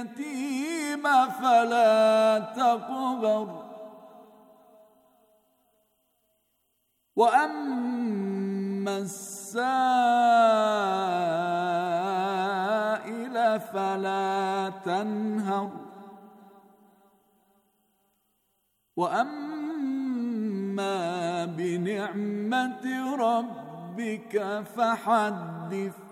اليتيم فلا تقبر واما السائل فلا تنهر واما بنعمه ربك فحدث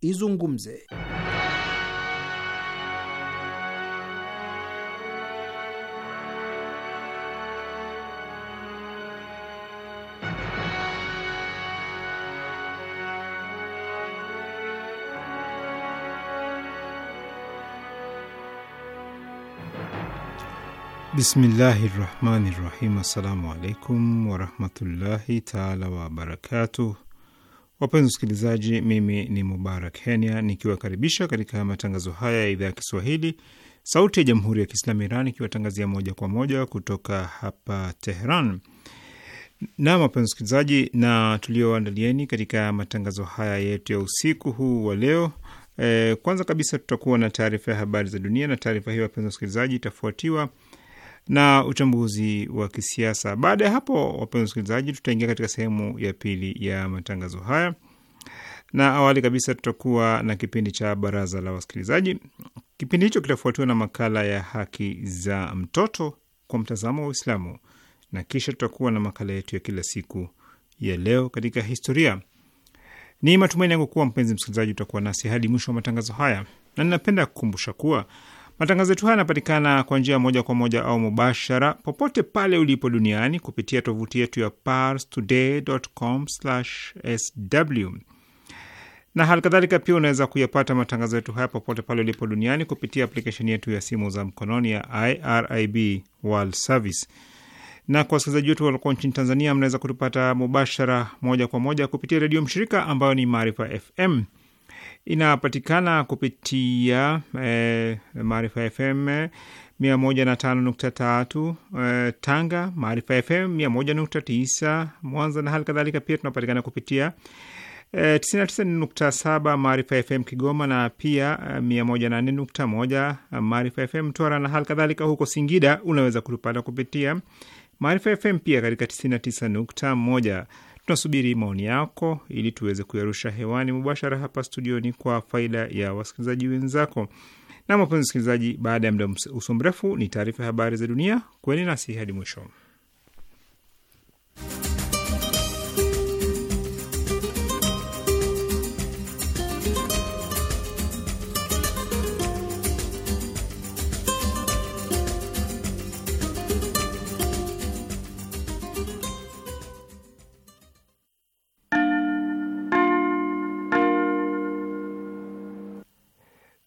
izungumze. Bismillahi rahmani rahim. Assalamu alaikum warahmatullahi taala wabarakatuh. Wapenzi wasikilizaji, mimi ni Mubarak Kenya nikiwakaribisha katika matangazo haya ya idhaa ya Kiswahili sauti ya jamhuri ya Kiislamu Iran ikiwatangazia moja kwa moja kutoka hapa Teheran. nam wapenzi wasikilizaji, na tulioandalieni katika matangazo haya yetu ya usiku huu wa leo e, kwanza kabisa tutakuwa na taarifa ya habari za dunia, na taarifa hiyo wapenzi wasikilizaji, itafuatiwa na uchambuzi wa kisiasa. Baada ya hapo, wapenzi wasikilizaji, tutaingia katika sehemu ya pili ya matangazo haya, na awali kabisa tutakuwa na kipindi cha baraza la wasikilizaji. Kipindi hicho kitafuatiwa na makala ya haki za mtoto kwa mtazamo wa Uislamu, na kisha tutakuwa na makala yetu ya kila siku ya leo katika historia. Ni matumaini yangu kuwa mpenzi msikilizaji utakuwa nasi hadi mwisho wa matangazo haya, na ninapenda kukumbusha kuwa Matangazo yetu haya yanapatikana kwa njia moja kwa moja au mubashara popote pale ulipo duniani kupitia tovuti yetu ya parstoday.com/sw na hali kadhalika pia unaweza kuyapata matangazo yetu haya popote pale ulipo duniani kupitia aplikesheni yetu ya simu za mkononi ya IRIB World Service. Na kwa wasikilizaji wetu waliokuwa nchini Tanzania, mnaweza kutupata mubashara moja kwa moja kupitia redio mshirika ambayo ni Maarifa FM inapatikana kupitia eh, Maarifa FM mia moja na tano nukta tatu eh, Tanga, Maarifa FM mia moja nukta tisa Mwanza na hali kadhalika. Pia tunapatikana kupitia eh, 99.7 tisa nukta saba Maarifa FM Kigoma na pia eh, mia moja na nne nukta moja Maarifa FM Mtwara na hali kadhalika. Huko Singida unaweza kutupata kupitia Maarifa FM pia katika 99.1 tisa nukta moja Tunasubiri maoni yako ili tuweze kuyarusha hewani mubashara hapa studioni kwa faida ya wasikilizaji wenzako. Na mapenzi wasikilizaji, baada ya muda usio mrefu ni taarifa ya habari za dunia. Kweni nasi hadi mwisho.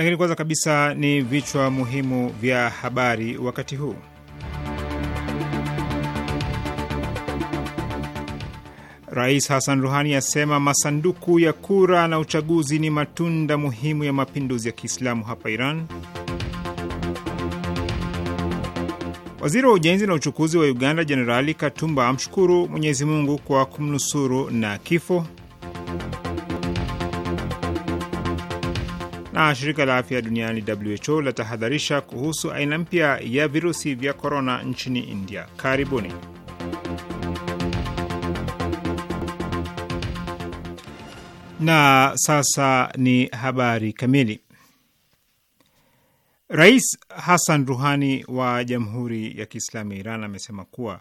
Lakini kwanza kabisa ni vichwa muhimu vya habari wakati huu. Rais Hassan Ruhani asema masanduku ya kura na uchaguzi ni matunda muhimu ya mapinduzi ya Kiislamu hapa Iran. Waziri wa ujenzi na uchukuzi wa Uganda Jenerali Katumba amshukuru Mwenyezi Mungu kwa kumnusuru na kifo. na shirika la afya duniani WHO latahadharisha kuhusu aina mpya ya virusi vya korona nchini India. Karibuni. Na sasa ni habari kamili. Rais Hassan Ruhani wa Jamhuri ya Kiislamu ya Iran amesema kuwa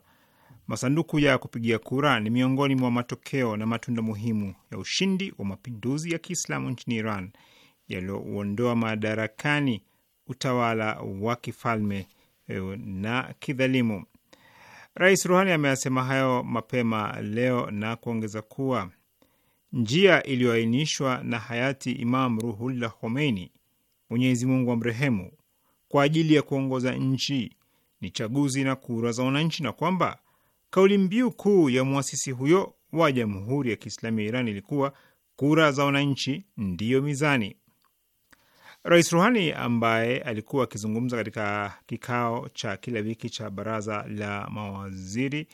masanduku ya kupigia kura ni miongoni mwa matokeo na matunda muhimu ya ushindi wa mapinduzi ya Kiislamu nchini Iran yaliyouondoa madarakani utawala wa kifalme e, na kidhalimu. Rais Ruhani ameyasema hayo mapema leo na kuongeza kuwa njia iliyoainishwa na hayati Imam Ruhullah Khomeini, Mwenyezi Mungu amrehemu, kwa ajili ya kuongoza nchi ni chaguzi na kura za wananchi, na kwamba kauli mbiu kuu ya mwasisi huyo wa Jamhuri ya Kiislamu ya Iran ilikuwa kura za wananchi ndiyo mizani. Rais Ruhani ambaye alikuwa akizungumza katika kikao cha kila wiki cha baraza la mawaziri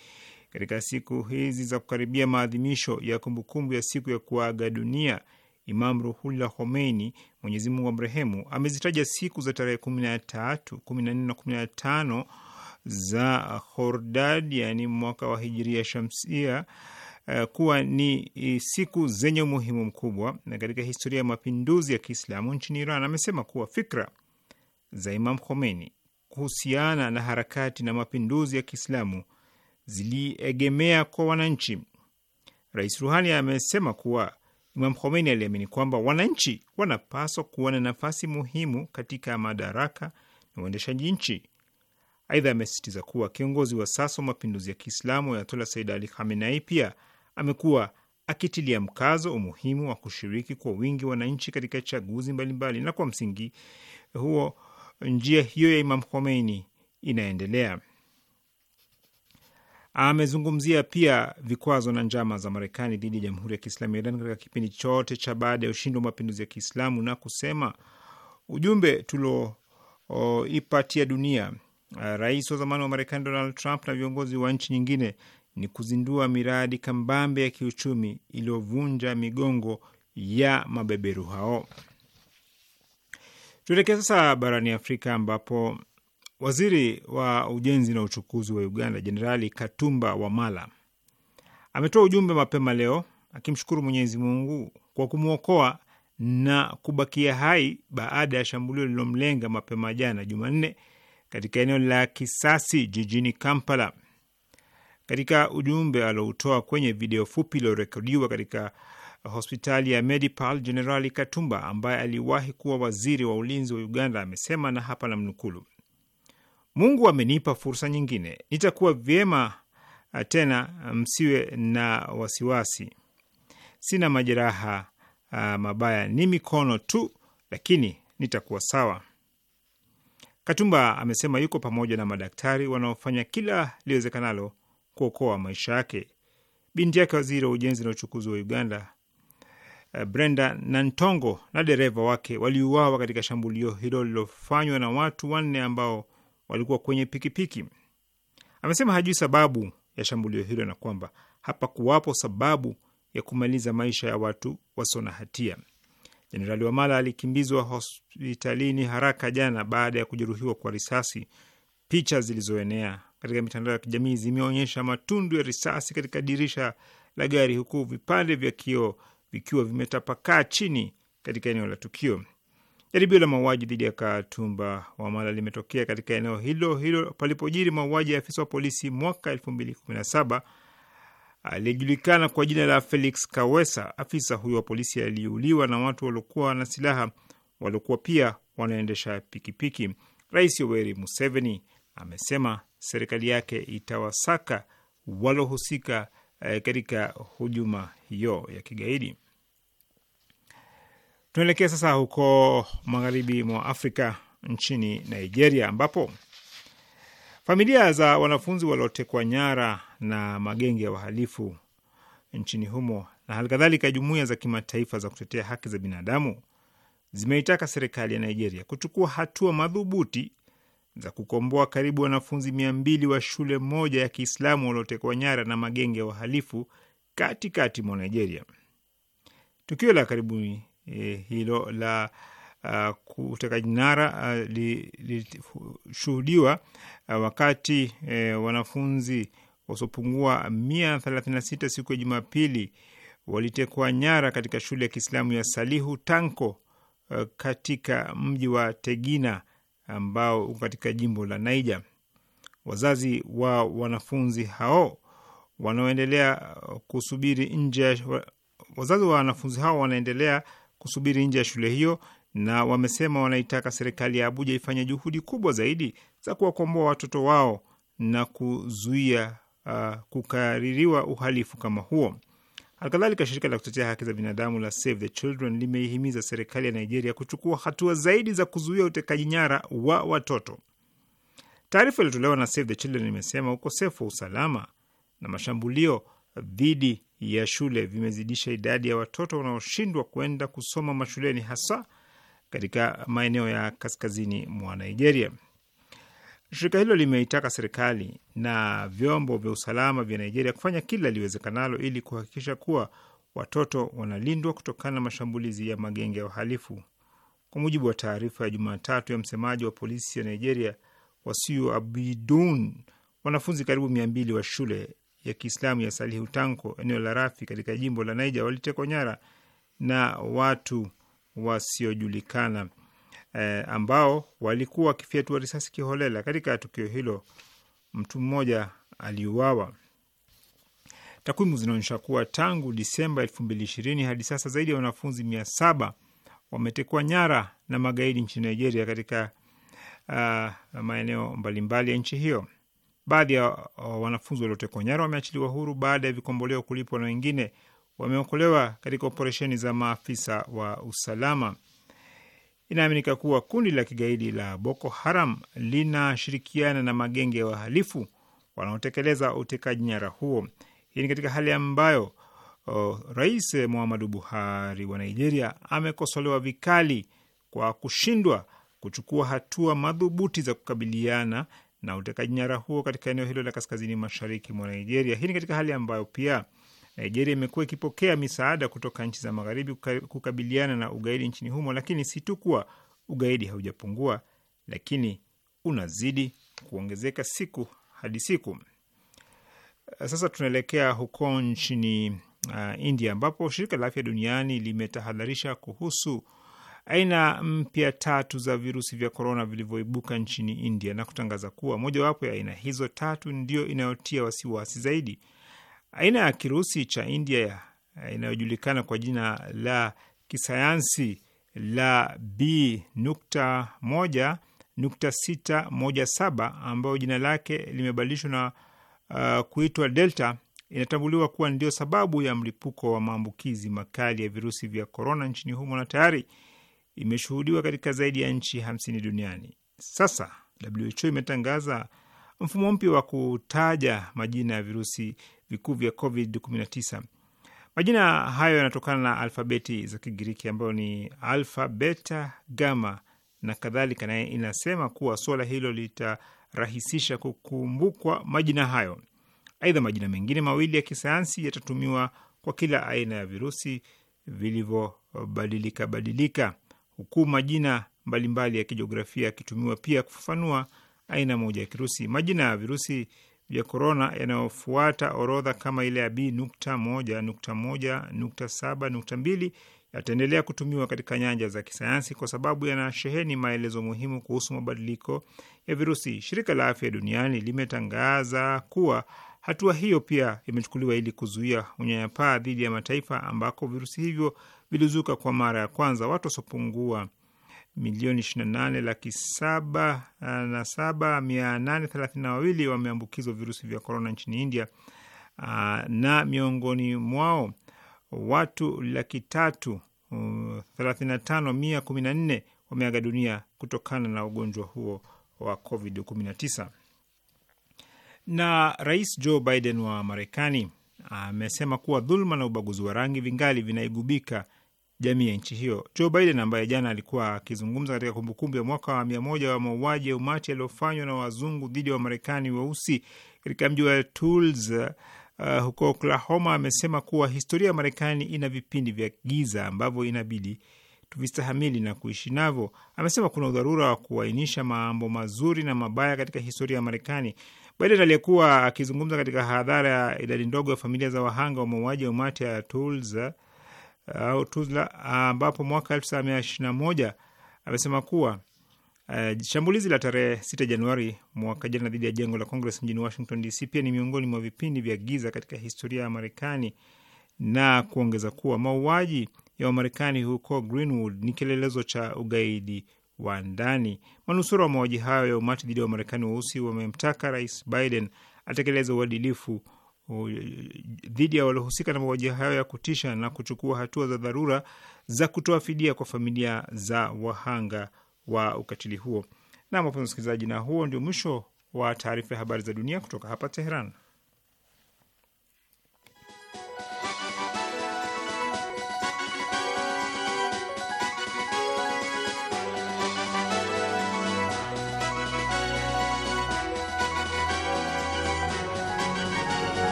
katika siku hizi za kukaribia maadhimisho ya kumbukumbu ya siku ya kuaga dunia Imam Ruhullah Khomeini, Mwenyezi Mungu amrehemu, amezitaja siku za tarehe kumi na tatu, kumi na nne na kumi na tano za Hordad, yani mwaka wa hijiria shamsia Eh, kuwa ni eh, siku zenye umuhimu mkubwa na katika historia ya mapinduzi ya Kiislamu nchini Iran. Amesema kuwa fikra za Imam Khomeini kuhusiana na harakati na mapinduzi ya Kiislamu ziliegemea kwa wananchi. Rais Ruhani amesema kuwa Imam Khomeini aliamini kwamba wananchi wanapaswa kuwa na nafasi muhimu katika madaraka na uendeshaji nchi. Aidha, amesisitiza kuwa kiongozi wa sasa wa mapinduzi ya Kiislamu Ayatollah Said Ali Khamenei pia amekuwa akitilia mkazo umuhimu wa kushiriki kwa wingi wananchi katika chaguzi mbalimbali, na kwa msingi huo njia hiyo ya Imam Khomeini inaendelea. Amezungumzia pia vikwazo na njama za Marekani dhidi ya Jamhuri ya Kiislamu ya Iran katika kipindi chote cha baada ya ushindi wa mapinduzi ya Kiislamu na kusema ujumbe tulioipatia dunia uh, rais wa zamani wa Marekani Donald Trump na viongozi wa nchi nyingine ni kuzindua miradi kambambe ya kiuchumi iliyovunja migongo ya mabeberu hao. Tuelekee sasa barani Afrika ambapo waziri wa ujenzi na uchukuzi wa Uganda Jenerali Katumba Wamala ametoa ujumbe mapema leo akimshukuru Mwenyezi Mungu kwa kumwokoa na kubakia hai baada ya shambulio lililomlenga mapema jana Jumanne katika eneo la Kisasi jijini Kampala. Katika ujumbe aloutoa kwenye video fupi iliyorekodiwa katika hospitali ya Medipal, Jenerali Katumba ambaye aliwahi kuwa waziri wa ulinzi wa Uganda amesema, na hapa na mnukulu Mungu amenipa fursa nyingine, nitakuwa vyema tena, msiwe na wasiwasi. Sina majeraha mabaya, ni mikono tu, lakini nitakuwa sawa. Katumba amesema yuko pamoja na madaktari wanaofanya kila liwezekanalo kuokoa maisha yake. Binti yake waziri wa ujenzi na uchukuzi wa Uganda eh, Brenda Nantongo na dereva wake waliuawa katika shambulio hilo lilofanywa na watu wanne ambao walikuwa kwenye pikipiki. Amesema hajui sababu ya shambulio hilo na kwamba hapa kuwapo sababu ya kumaliza maisha ya watu wasio na hatia. Jenerali Wamala alikimbizwa hospitalini haraka jana baada ya kujeruhiwa kwa risasi. Picha zilizoenea katika mitandao ya kijamii zimeonyesha matundu ya risasi katika dirisha la gari huku vipande vya kioo vikiwa vimetapakaa chini katika eneo la tukio. Jaribio la mauaji dhidi ya Katumba Wamala limetokea katika eneo hilo hilo palipojiri mauaji ya afisa wa polisi mwaka elfu mbili kumi na saba aliyejulikana kwa jina la Felix Kawesa. Afisa huyo wa polisi aliuliwa na watu waliokuwa na silaha waliokuwa pia wanaendesha pikipiki. Rais Yoweri Museveni amesema serikali yake itawasaka walohusika e, katika hujuma hiyo ya kigaidi. Tunaelekea sasa huko magharibi mwa Afrika, nchini Nigeria, ambapo familia za wanafunzi waliotekwa nyara na magenge ya wahalifu nchini humo na hali kadhalika jumuiya za kimataifa za kutetea haki za binadamu zimeitaka serikali ya Nigeria kuchukua hatua madhubuti za kukomboa karibu wanafunzi mia mbili wa shule moja ya Kiislamu waliotekwa nyara na magenge ya wahalifu katikati mwa Nigeria. Tukio la karibuni eh, hilo la uh, kuteka nyara uh, ah, lilishuhudiwa uh, ah, wakati eh, wanafunzi wasiopungua mia thelathini na sita siku ya Jumapili walitekwa nyara katika shule ya Kiislamu ya Salihu Tanko uh, katika mji wa Tegina ambao uko katika jimbo la Niger. Wazazi wa wanafunzi hao wanaoendelea kusubiri nje, wazazi wa wanafunzi hao wanaendelea kusubiri nje ya shule hiyo, na wamesema wanaitaka serikali ya Abuja ifanye juhudi kubwa zaidi za kuwakomboa watoto wao na kuzuia uh, kukaririwa uhalifu kama huo. Alkadhalika, shirika la kutetea haki za binadamu la Save the Children limeihimiza serikali ya Nigeria kuchukua hatua zaidi za kuzuia utekaji nyara wa watoto. Taarifa iliyotolewa na Save the Children imesema ukosefu wa usalama na mashambulio dhidi ya shule vimezidisha idadi ya watoto wanaoshindwa kwenda kusoma mashuleni, hasa katika maeneo ya kaskazini mwa Nigeria. Shirika hilo limeitaka serikali na vyombo vya usalama vya Nigeria kufanya kila liwezekanalo ili kuhakikisha kuwa watoto wanalindwa kutokana na mashambulizi ya magenge ya uhalifu Kwa mujibu wa taarifa ya Jumatatu ya msemaji wa polisi ya Nigeria, Wasiu Abidun, wanafunzi karibu mia mbili wa shule ya Kiislamu ya Salihu Tanko eneo la Rafi katika jimbo la Niger walitekwa nyara na watu wasiojulikana eh, ambao walikuwa wakifyatua risasi kiholela. Katika tukio hilo mtu mmoja aliuawa. Takwimu zinaonyesha kuwa tangu Disemba elfu mbili ishirini hadi sasa zaidi ya wanafunzi mia saba wametekwa nyara na magaidi nchini Nigeria katika uh, maeneo mbalimbali ya nchi hiyo. Baadhi ya uh, wanafunzi waliotekwa nyara wameachiliwa huru baada ya vikomboleo kulipwa na wengine wameokolewa katika operesheni za maafisa wa usalama inaaminika kuwa kundi la kigaidi la Boko Haram linashirikiana na magenge ya wa wahalifu wanaotekeleza utekaji nyara huo. Hii ni katika hali ambayo o, Rais Muhammadu Buhari wa Nigeria amekosolewa vikali kwa kushindwa kuchukua hatua madhubuti za kukabiliana na utekaji nyara huo katika eneo hilo la kaskazini mashariki mwa Nigeria. Hii ni katika hali ambayo pia Nigeria imekuwa ikipokea misaada kutoka nchi za magharibi kukabiliana na ugaidi nchini humo, lakini si tu kuwa ugaidi haujapungua, lakini unazidi kuongezeka siku hadi siku. Sasa tunaelekea huko nchini uh, India ambapo shirika la afya duniani limetahadharisha kuhusu aina mpya tatu za virusi vya korona vilivyoibuka nchini India na kutangaza kuwa mojawapo ya aina hizo tatu ndio inayotia wasiwasi zaidi. Aina ya kirusi cha India eh, inayojulikana kwa jina la kisayansi la B.1.617 ambayo jina lake limebadilishwa na uh, kuitwa Delta inatambuliwa kuwa ndio sababu ya mlipuko wa maambukizi makali ya virusi vya korona nchini humo na tayari imeshuhudiwa katika zaidi ya nchi hamsini duniani. Sasa WHO imetangaza mfumo mpya wa kutaja majina ya virusi vikuu vya COVID-19. Majina hayo yanatokana na alfabeti za Kigiriki ambayo ni alfa, beta, gama na kadhalika, naye inasema kuwa suala hilo litarahisisha kukumbukwa majina hayo. Aidha, majina mengine mawili ya kisayansi yatatumiwa kwa kila aina ya virusi vilivyobadilika badilika, huku majina mbalimbali ya kijiografia yakitumiwa pia kufafanua aina moja ya kirusi. Majina ya virusi vya korona yanayofuata orodha kama ile ya B nukta moja nukta moja nukta saba nukta mbili yataendelea kutumiwa katika nyanja za kisayansi kwa sababu yanasheheni maelezo muhimu kuhusu mabadiliko ya virusi. Shirika la Afya Duniani limetangaza kuwa hatua hiyo pia imechukuliwa ili kuzuia unyanyapaa dhidi ya mataifa ambako virusi hivyo vilizuka kwa mara ya kwanza. Watu wasiopungua milioni 28 laki saba eh, na saba mia nane thelathini na wawili wameambukizwa virusi vya korona nchini India eh, na miongoni mwao watu laki tatu eh, thelathini na tano mia kumi na nne wameaga dunia kutokana na ugonjwa huo wa Covid 19. Na Rais Joe Biden wa Marekani amesema kuwa dhuluma na ubaguzi wa rangi vingali vinaigubika jamii ya nchi hiyo. Joe Biden ambaye jana alikuwa akizungumza katika kumbukumbu ya mwaka wa mia moja wa mauaji ya umati yaliyofanywa na wazungu dhidi ya wa Wamarekani weusi katika mji wa Tulsa uh, huko Oklahoma amesema kuwa historia ya Marekani ina vipindi vya giza ambavyo inabidi tuvistahamili na kuishi navyo. Amesema kuna udharura wa kuainisha mambo mazuri na mabaya katika historia ya Marekani. Biden aliyekuwa akizungumza katika hadhara ya idadi ndogo ya familia za wahanga wa mauaji ya umati ya Tulsa au Tuzla, ambapo mwaka 1921 amesema kuwa Uh, shambulizi la tarehe 6 Januari mwaka jana dhidi ya jengo la Congress mjini Washington DC pia ni miongoni mwa vipindi vya giza katika historia ya Marekani na kuongeza kuwa mauaji ya Wamarekani huko Greenwood ni kielelezo cha ugaidi wa ndani. Manusura wa mauaji hayo ya umati dhidi ya Wamarekani weusi wamemtaka Rais Biden atekeleze uadilifu E, dhidi ya waliohusika na mauaji hayo ya kutisha na kuchukua hatua za dharura za kutoa fidia kwa familia za wahanga wa ukatili huo. Na wapenzi wasikilizaji, na huo ndio mwisho wa taarifa ya habari za dunia kutoka hapa Teheran.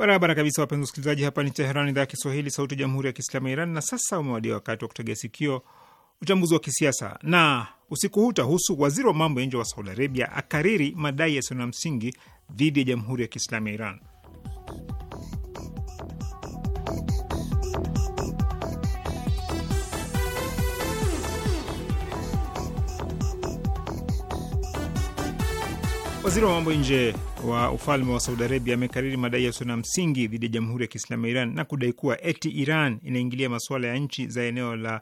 Barabara kabisa, wapenzi wasikilizaji, hapa ni Teheran, idhaa ya Kiswahili, sauti ya jamhuri ya kiislamu ya Iran. Na sasa umewadia wakati wa kutegea sikio uchambuzi wa kisiasa, na usiku huu utahusu waziri wa mambo ya nje wa Saudi Arabia akariri madai yasiyo na msingi dhidi ya jamhuri ya kiislamu ya Iran. Waziri wa mambo nje wa ufalme wa Saudi Arabia amekariri madai yasiyo na msingi dhidi ya Jamhuri ya Kiislamu ya Iran na kudai kuwa eti Iran inaingilia masuala ya nchi za eneo la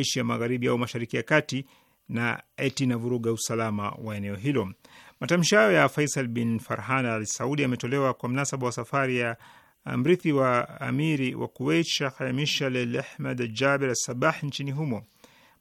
Asia Magharibi au Mashariki ya Kati na eti inavuruga usalama wa eneo hilo. Matamshi hayo ya Faisal bin Farhan Al Saudi ametolewa kwa mnasaba wa safari ya uh, mrithi wa amiri wa Kuwait Shekh Mishal Al Ahmad Jaber Al Sabah nchini humo.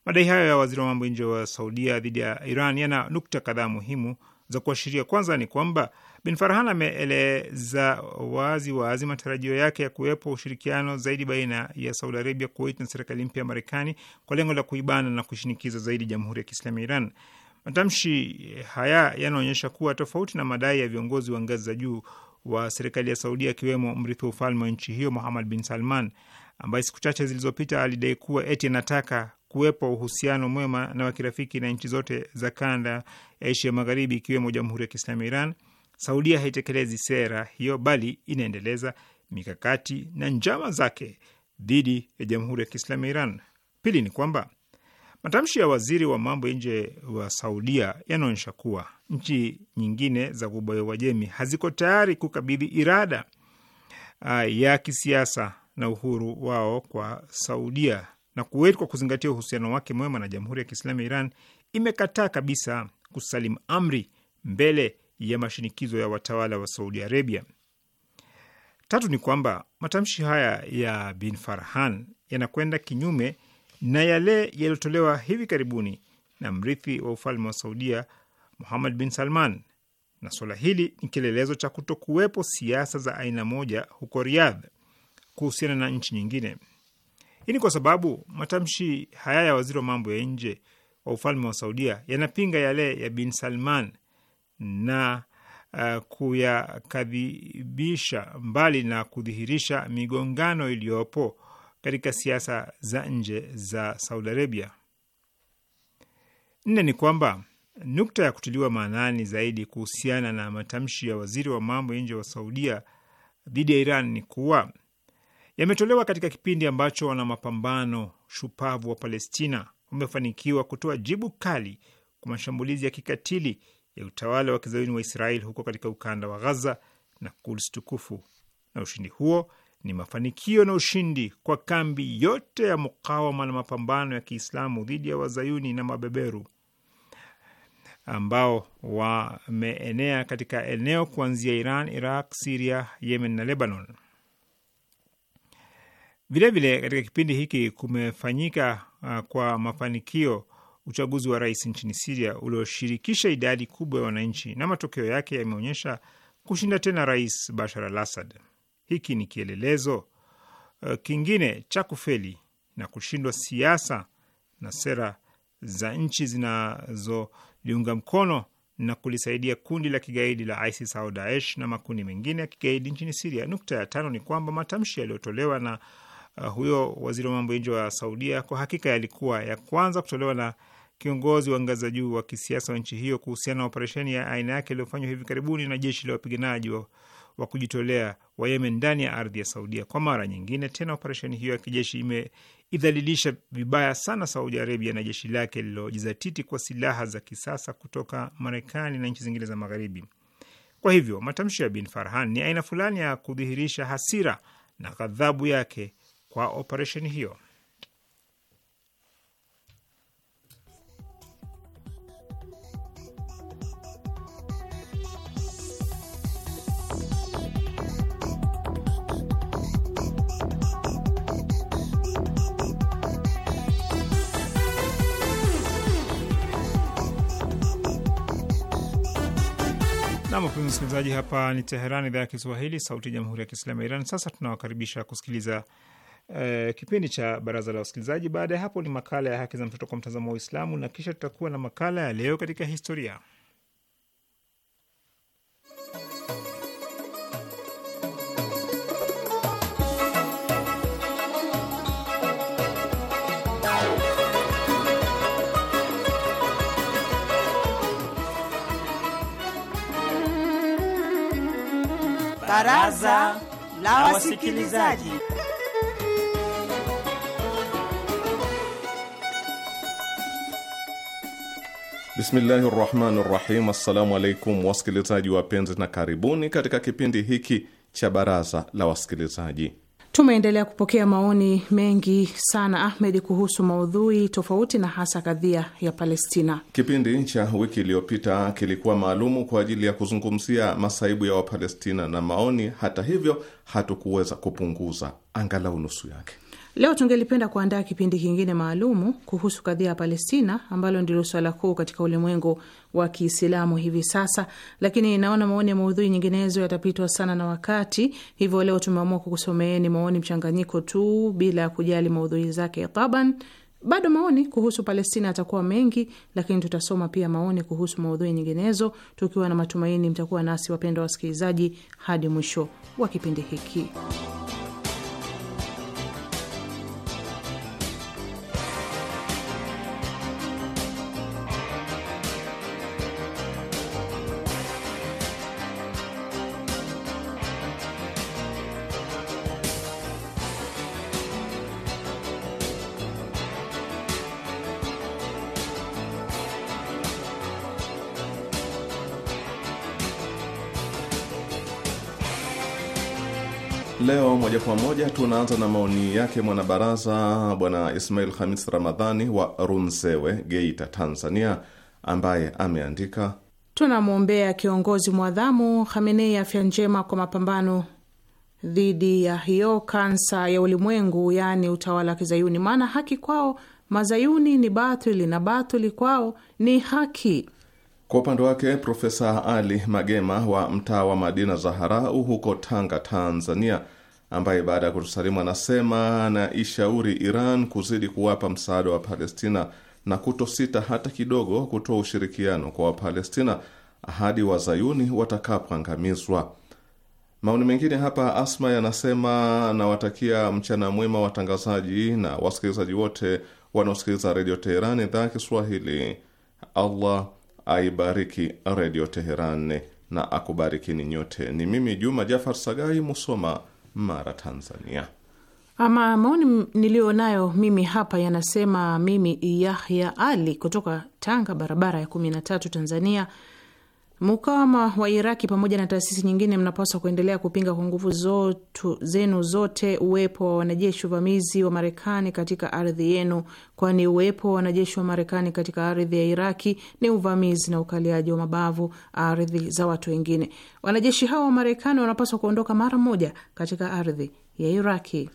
Madai hayo ya waziri wa mambo nje wa Saudia dhidi ya Iran yana nukta kadhaa muhimu za kuashiria. Kwanza ni kwamba Bin Farhan ameeleza wazi wazi matarajio yake ya kuwepo ushirikiano zaidi baina ya Saudi Arabia, Kuwait na serikali mpya ya Marekani kwa lengo la kuibana na kushinikiza zaidi Jamhuri ya Kiislamu ya Iran. Matamshi haya yanaonyesha kuwa tofauti na madai ya viongozi wa ngazi za juu wa serikali ya Saudia, akiwemo mrithi wa ufalme wa nchi hiyo Muhammad bin Salman, ambaye siku chache zilizopita alidai kuwa eti anataka kuwepo uhusiano mwema na wa kirafiki na nchi zote za kanda ya Asia Magharibi, ikiwemo Jamhuri ya Kiislamu ya Iran, Saudia haitekelezi sera hiyo, bali inaendeleza mikakati na njama zake dhidi ya Jamhuri ya Kiislamu ya Iran. Pili ni kwamba matamshi ya waziri wa mambo ya nje wa Saudia yanaonyesha kuwa nchi nyingine za Ghuba ya Uajemi haziko tayari kukabidhi irada ah, ya kisiasa na uhuru wao kwa Saudia na Kuwait kwa kuzingatia uhusiano wake mwema na Jamhuri ya Kiislamu ya Iran imekataa kabisa kusalimu amri mbele ya mashinikizo ya watawala wa Saudi Arabia. Tatu ni kwamba matamshi haya ya Bin Farhan yanakwenda kinyume na yale yaliyotolewa hivi karibuni na mrithi wa ufalme wa Saudia Muhammad bin Salman, na suala hili ni kielelezo cha kutokuwepo siasa za aina moja huko Riyadh kuhusiana na nchi nyingine. Hii ni kwa sababu matamshi haya ya waziri wa mambo ya nje wa ufalme wa Saudia yanapinga yale ya Bin Salman na uh, kuyakadhibisha mbali na kudhihirisha migongano iliyopo katika siasa za nje za Saudi Arabia. Nne ni kwamba nukta ya kutiliwa maanani zaidi kuhusiana na matamshi ya waziri wa mambo ya nje wa Saudia dhidi ya Iran ni kuwa yametolewa katika kipindi ambacho wana mapambano shupavu wa Palestina wamefanikiwa kutoa jibu kali kwa mashambulizi ya kikatili ya utawala wa kizayuni wa Israel huko katika ukanda wa Ghaza na Kuls tukufu, na ushindi huo ni mafanikio na ushindi kwa kambi yote ya mukawama na mapambano ya Kiislamu dhidi ya wazayuni na mabeberu ambao wameenea katika eneo kuanzia Iran, Iraq, Siria, Yemen na Lebanon. Vilevile katika kipindi hiki kumefanyika uh, kwa mafanikio uchaguzi wa rais nchini Siria ulioshirikisha idadi kubwa ya wananchi na matokeo yake yameonyesha kushinda tena Rais Bashar al Assad. Hiki ni kielelezo uh, kingine cha kufeli na kushindwa siasa na sera za nchi zinazoliunga mkono na kulisaidia kundi la kigaidi la ISIS au Daesh na makundi mengine ya kigaidi nchini Siria. Nukta ya tano ni kwamba matamshi yaliyotolewa na uh, huyo waziri wa mambo ya nje wa Saudia kwa hakika yalikuwa ya kwanza kutolewa na kiongozi wa ngazi za juu wa kisiasa wa nchi hiyo kuhusiana na operesheni ya aina yake iliyofanywa hivi karibuni na jeshi la wapiganaji wa, wa kujitolea wa Yemen ndani ya ardhi ya Saudia. Kwa mara nyingine tena, operesheni hiyo ya kijeshi imeidhalilisha vibaya sana Saudi Arabia na jeshi lake lililojizatiti kwa silaha za kisasa kutoka Marekani na nchi zingine za Magharibi. Kwa hivyo matamshi ya Bin Farhan ni aina fulani ya kudhihirisha hasira na ghadhabu yake kwa operesheni hiyo. Mpenzi msikilizaji, hapa ni Teherani, idhaa ya Kiswahili, sauti ya jamhuri ya kiislamu ya Iran. Sasa tunawakaribisha kusikiliza Eh, kipindi cha baraza la wasikilizaji. Baada ya hapo ni makala ya haki za mtoto kwa mtazamo wa Uislamu, na kisha tutakuwa na makala ya leo katika historia. Baraza la wasikilizaji. Bismillahi rahmani rahim. Assalamu alaikum wasikilizaji wapenzi, na karibuni katika kipindi hiki cha baraza la wasikilizaji. Tumeendelea kupokea maoni mengi sana Ahmed, kuhusu maudhui tofauti na hasa kadhia ya Palestina. Kipindi cha wiki iliyopita kilikuwa maalumu kwa ajili ya kuzungumzia masaibu ya Wapalestina na maoni, hata hivyo hatukuweza kupunguza angalau nusu yake. Leo tungelipenda kuandaa kipindi kingine maalumu kuhusu kadhia ya Palestina ambalo ndilo swala kuu katika ulimwengu wa Kiislamu hivi sasa, lakini naona maoni ya maudhui nyinginezo yatapitwa sana na wakati, hivyo leo tumeamua kukusomeeni maoni mchanganyiko tu bila ya kujali maudhui zake taban. Bado maoni kuhusu Palestina yatakuwa mengi, lakini tutasoma pia maoni kuhusu maudhui nyinginezo, tukiwa na matumaini mtakuwa nasi, wapendwa wasikilizaji, hadi mwisho wa kipindi hiki. moja kwa moja tunaanza na maoni yake mwanabaraza Bwana Ismail Hamis Ramadhani wa Runzewe, Geita, Tanzania, ambaye ameandika tunamwombea kiongozi mwadhamu hamenei afya njema kwa mapambano dhidi ya hiyo kansa ya ulimwengu, yaani utawala wa Kizayuni, maana haki kwao mazayuni ni batili na batili kwao ni haki. Kwa upande wake Profesa Ali Magema wa mtaa wa Madina Zaharau huko Tanga, Tanzania, ambaye baada ya kutusalimu anasema naishauri Iran kuzidi kuwapa msaada wa Palestina na kutosita hata kidogo kutoa ushirikiano kwa Wapalestina hadi wazayuni watakapoangamizwa. Maoni mengine hapa Asma yanasema nawatakia mchana mwema watangazaji na wasikilizaji wote wanaosikiliza Redio Teheran idhaa ya Kiswahili. Allah aibariki Redio Teheran na akubarikini nyote. Ni mimi Juma Jafar Sagai Musoma mara, Tanzania. Ama maoni niliyonayo mimi hapa yanasema, mimi Yahya Ali kutoka Tanga, barabara ya kumi na tatu, Tanzania Mukawama wa Iraki pamoja na taasisi nyingine, mnapaswa kuendelea kupinga kwa nguvu zenu zote uwepo wa wanajeshi uvamizi wa Marekani katika ardhi yenu, kwani uwepo wa wanajeshi wa Marekani katika ardhi ya Iraki ni uvamizi na ukaliaji wa mabavu ardhi za watu wengine. Wanajeshi hao wa Marekani wanapaswa kuondoka mara moja katika ardhi ya Iraki.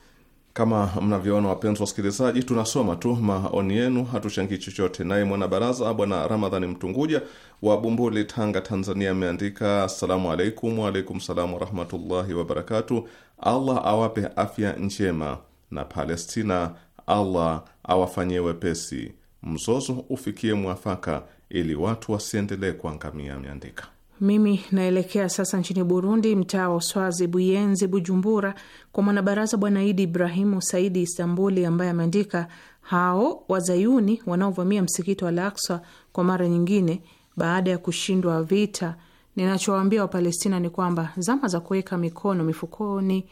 Kama mnavyoona wapenzi wasikilizaji, tunasoma tu maoni yenu, hatuchangii chochote. Naye mwanabaraza Bwana Ramadhani Mtunguja wa Bumbuli, Tanga, Tanzania ameandika assalamu alaikum. Waalaikum salamu warahmatullahi wabarakatu. Allah awape afya njema na Palestina, Allah awafanyie wepesi, mzozo ufikie mwafaka ili watu wasiendelee kuangamia, ameandika mimi naelekea sasa nchini Burundi, mtaa wa swazi Buyenzi, Bujumbura, kwa mwanabaraza Bwana Idi Ibrahimu Saidi Istambuli, ambaye ameandika hao wazayuni wanaovamia msikiti wa Al-Aqsa kwa mara nyingine baada ya kushindwa vita. Ninachowaambia Wapalestina ni kwamba zama za kuweka mikono mifukoni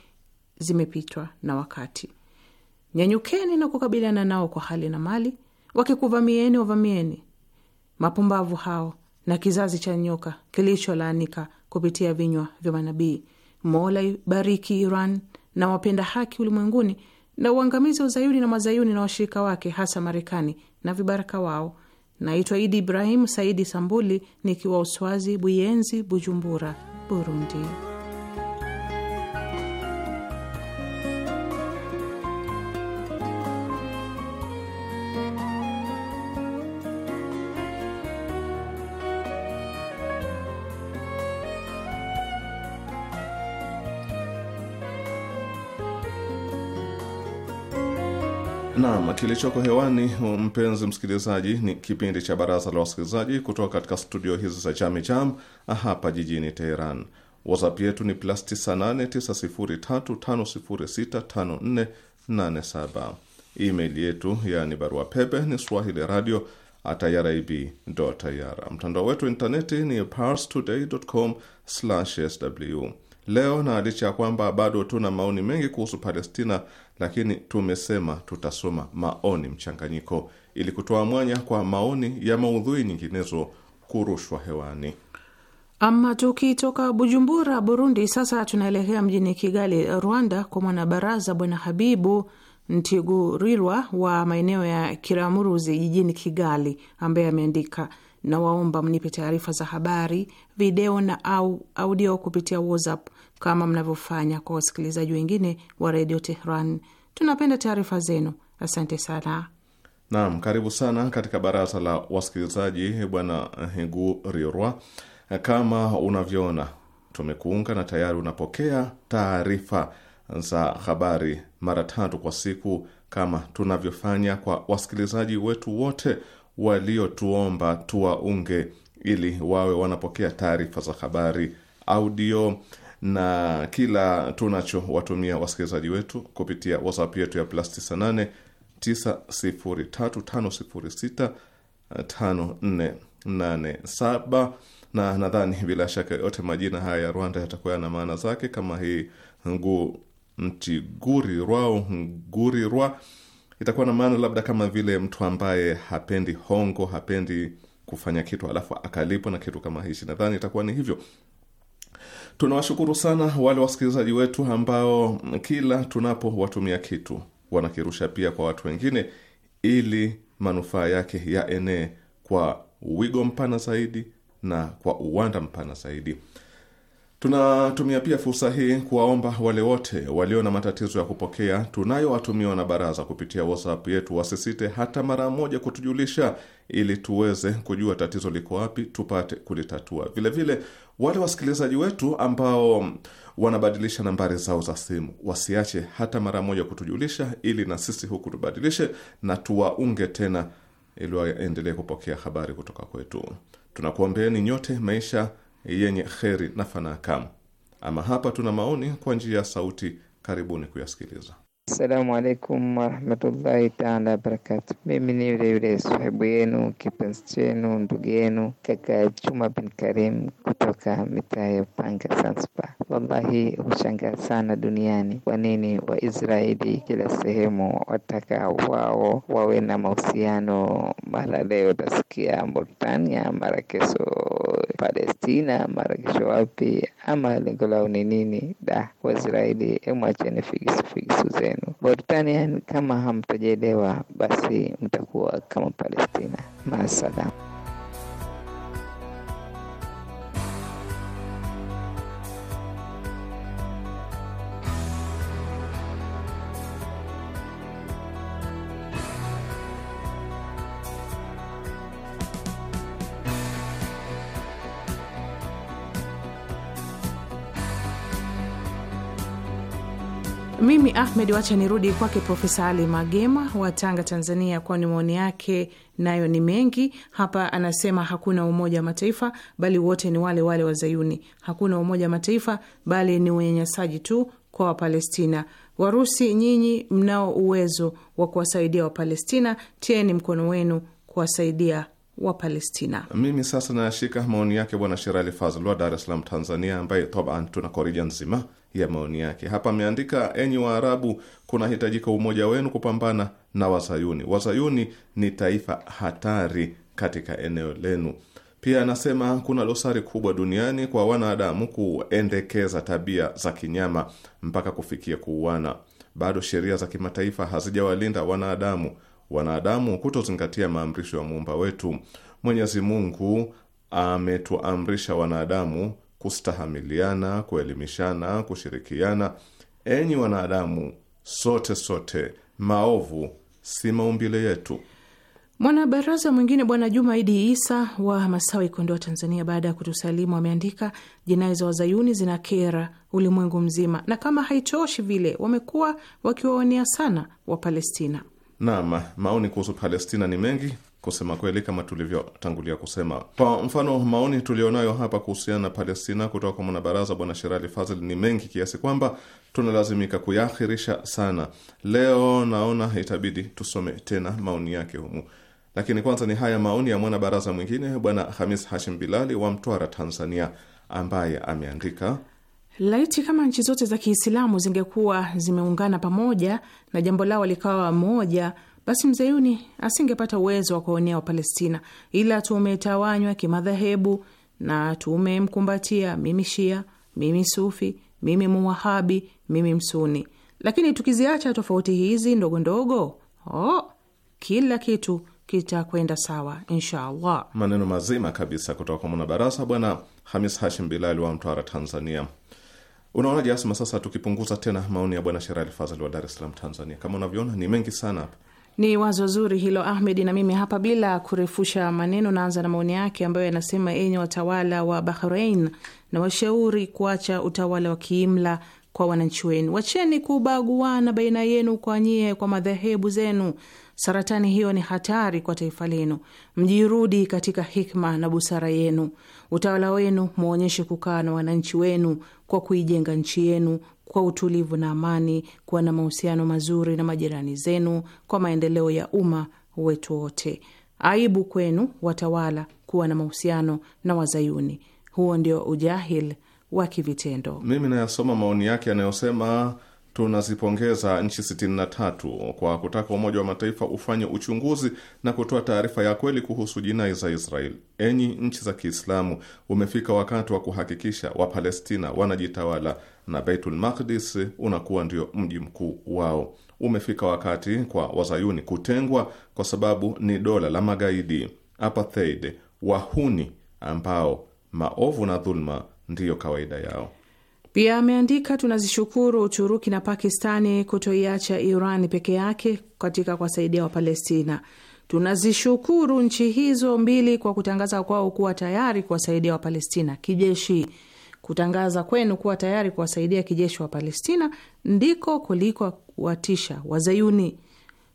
zimepitwa na wakati. Nyanyukeni na kukabiliana nao kwa hali na mali. Wakikuvamieni, wavamieni. Mapumbavu hao na kizazi cha nyoka kilicholaanika kupitia vinywa vya manabii. Mola ibariki Iran na wapenda haki ulimwenguni na uangamizi wa uzayuni na mazayuni na washirika wake hasa Marekani na vibaraka wao. Naitwa Idi Ibrahimu Saidi Sambuli nikiwa Uswazi, Buyenzi, Bujumbura, Burundi. Naam, kilichoko hewani mpenzi msikilizaji, ni kipindi cha baraza la wasikilizaji kutoka katika studio hizi za Chami Cham ah, hapa jijini Teheran. WhatsApp yetu ni plus 989035065487. Email yetu yaani barua pepe ni swahili radio at Mtandao wetu wa intaneti ni parstoday.com sw. Leo na licha ya kwamba bado tuna maoni mengi kuhusu Palestina lakini tumesema tutasoma maoni mchanganyiko ili kutoa mwanya kwa maoni ya maudhui nyinginezo kurushwa hewani. Ama tukitoka Bujumbura, Burundi, sasa tunaelekea mjini Kigali, Rwanda, kwa mwanabaraza Bwana Habibu Ntigurirwa wa maeneo ya Kiramuruzi jijini Kigali, ambaye ameandika nawaomba mnipe taarifa za habari, video na au audio kupitia WhatsApp kama mnavyofanya kwa wasikilizaji wengine wa redio Tehran. Tunapenda taarifa zenu, asante sana. Naam, karibu sana katika baraza la wasikilizaji, bwana Hingu Rirwa. Kama unavyoona tumekuunga na tayari unapokea taarifa za habari mara tatu kwa siku, kama tunavyofanya kwa wasikilizaji wetu wote waliotuomba tuwaunge ili wawe wanapokea taarifa za habari audio na kila tunachowatumia wasikilizaji wetu kupitia WhatsApp yetu ya plus 98 na nadhani bila shaka yote majina haya ya Rwanda yatakuwa yana maana zake, kama hii ngu mtigurirwa au rwa itakuwa na maana labda kama vile mtu ambaye hapendi hongo, hapendi kufanya kitu alafu akalipwa na kitu kama hichi. Nadhani itakuwa ni hivyo. Tunawashukuru sana wale wasikilizaji wetu ambao kila tunapowatumia kitu wanakirusha pia kwa watu wengine, ili manufaa yake yaenee kwa wigo mpana zaidi na kwa uwanda mpana zaidi. Tunatumia pia fursa hii kuwaomba wale wote walio na matatizo ya kupokea tunayowatumia na baraza kupitia WhatsApp yetu wasisite hata mara moja kutujulisha, ili tuweze kujua tatizo liko wapi, tupate kulitatua. Vilevile vile, wale wasikilizaji wetu ambao wanabadilisha nambari zao za simu wasiache hata mara moja kutujulisha, ili na sisi huku tubadilishe na tuwaunge tena, ili waendelee kupokea habari kutoka kwetu. Tunakuombeeni nyote maisha yenye kheri na fanaa kamu. Ama hapa tuna maoni kwa njia ya sauti, karibuni kuyasikiliza. Assalamu alaikum warahmatullahi taala wabarakatu. Mimi ni yule yule sahibu yenu kipenzi chenu ndugu yenu kaka Juma bin Karim kutoka mitaa ya Panga Zanzibar. Wallahi hushangaa sana duniani kwa nini Waisraeli kila sehemu wataka wao wawe na mahusiano, mara leo utasikia Mauritania, mara kesho Palestina ama wapi ama lengo lao ni nini? Da, Waisraeli emwacheni figisu figisu zenu. Britania, kama hamtajielewa basi mtakuwa kama Palestina. Maasalam. Mimi Ahmed, wacha nirudi kwake Profesa Ali Magema wa Tanga, Tanzania, kwani maoni yake nayo ni mengi hapa. Anasema hakuna Umoja wa Mataifa bali wote ni wale wale Wazayuni. Hakuna Umoja wa Mataifa bali ni unyanyasaji tu kwa Wapalestina. Warusi, nyinyi mnao uwezo wa kuwasaidia Wapalestina, tieni mkono wenu kuwasaidia Wapalestina. Mimi sasa nayashika maoni yake Bwana Sherali Fazl wa Dar es Salaam, Tanzania, ambaye toban tuna korija nzima ya maoni yake. Hapa ameandika, enyi Waarabu, kunahitajika umoja wenu kupambana na Wasayuni. Wasayuni ni taifa hatari katika eneo lenu. Pia anasema kuna dosari kubwa duniani kwa wanadamu kuendekeza tabia za kinyama mpaka kufikia kuuana. Bado sheria za kimataifa hazijawalinda wanadamu, wanadamu kutozingatia maamrisho ya muumba wetu. Mwenyezi Mungu ametuamrisha wanadamu kustahamiliana, kuelimishana, kushirikiana. Enyi wanadamu, sote sote, maovu si maumbile yetu. Mwanabaraza mwingine Bwana Juma Idi Isa wa Masawi, Kondoa, Tanzania, baada ya kutusalimu ameandika, jinai za wazayuni zinakera ulimwengu mzima, na kama haitoshi vile wamekuwa wakiwaonea sana Wapalestina. Naam, maoni kuhusu Palestina ni mengi kusema kweli, kama tulivyotangulia kusema. Kwa mfano, maoni tulionayo hapa kuhusiana na Palestina kutoka kwa mwanabaraza Bwana Sherali Fazil ni mengi kiasi kwamba tunalazimika kuyaakhirisha sana. Leo naona itabidi tusome tena maoni yake humu, lakini kwanza ni haya maoni ya mwanabaraza mwingine Bwana Hamis Hashim Bilali wa Mtwara, Tanzania, ambaye ameandika Laiti kama nchi zote za Kiislamu zingekuwa zimeungana pamoja na jambo lao likawa moja, basi mzeyuni asingepata uwezo wa kuwaonea Wapalestina, ila tumetawanywa kimadhehebu na tumemkumbatia mimi Shia, mimi Sufi, mimi Muwahabi, mimi Msuni. Lakini tukiziacha tofauti hizi ndogo ndogo, oh, kila kitu kitakwenda sawa inshallah. Maneno mazima kabisa kutoka kwa mwanabarasa Bwana Hamis Hashim Bilali wa Mtwara, Tanzania. Unaona Jasma, sasa tukipunguza tena maoni ya Bwana Sherali Fazali wa Dar es Salaam, Tanzania, kama unavyoona ni mengi sana hapa ni wazo zuri hilo Ahmed, na mimi hapa bila kurefusha maneno naanza na maoni yake ambayo yanasema: enye watawala wa Bahrain na washauri kuacha utawala wa kiimla kwa wananchi wenu, wacheni kubaguana baina yenu kwa nyie kwa madhehebu zenu. Saratani hiyo ni hatari kwa taifa lenu. Mjirudi katika hikma na busara yenu. Utawala wenu mwonyeshe kukaa na wananchi wenu kwa kuijenga nchi yenu kwa utulivu na amani, kuwa na mahusiano mazuri na majirani zenu kwa maendeleo ya umma wetu wote. Aibu kwenu watawala kuwa na mahusiano na Wazayuni. Huo ndio ujahil wa kivitendo. Mimi nayasoma maoni yake yanayosema tunazipongeza nchi 63 kwa kutaka Umoja wa Mataifa ufanye uchunguzi na kutoa taarifa ya kweli kuhusu jinai za israel Enyi nchi za Kiislamu, umefika wakati wa kuhakikisha Wapalestina wanajitawala na Beitul Maqdis unakuwa ndio mji mkuu wao. Umefika wakati kwa wazayuni kutengwa, kwa sababu ni dola la magaidi, apartheid, wahuni ambao maovu na dhuluma ndiyo kawaida yao. Pia ameandika tunazishukuru Uturuki na Pakistani kutoiacha Iran peke yake katika kuwasaidia Wapalestina. Tunazishukuru nchi hizo mbili kwa kutangaza kwao kuwa tayari kuwasaidia Wapalestina kijeshi. Kutangaza kwenu kuwa tayari kuwasaidia kijeshi wa Palestina ndiko kuliko watisha Wazayuni.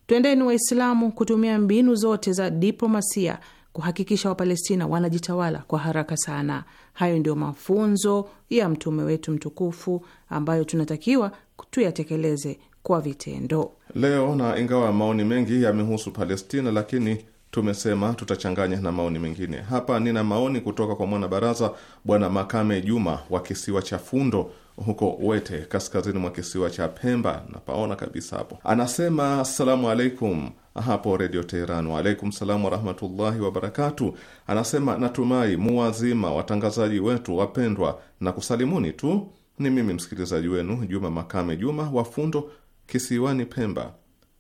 Twendeni Waislamu kutumia mbinu zote za diplomasia kuhakikisha Wapalestina wanajitawala kwa haraka sana. Hayo ndiyo mafunzo ya mtume wetu mtukufu ambayo tunatakiwa tuyatekeleze kwa vitendo leo. Na ingawa maoni mengi yamehusu Palestina, lakini tumesema tutachanganya na maoni mengine hapa. Nina maoni kutoka kwa mwanabaraza Bwana Makame Juma wa kisiwa cha Fundo huko Wete, kaskazini mwa kisiwa cha Pemba. Napaona kabisa hapo. Anasema, assalamu alaikum hapo Redio Teheran. Waalaikum salam warahmatullahi wabarakatu. Anasema natumai muwazima watangazaji wetu wapendwa, na kusalimuni tu ni mimi msikilizaji wenu Juma Makame Juma wa Fundo, kisiwani Pemba.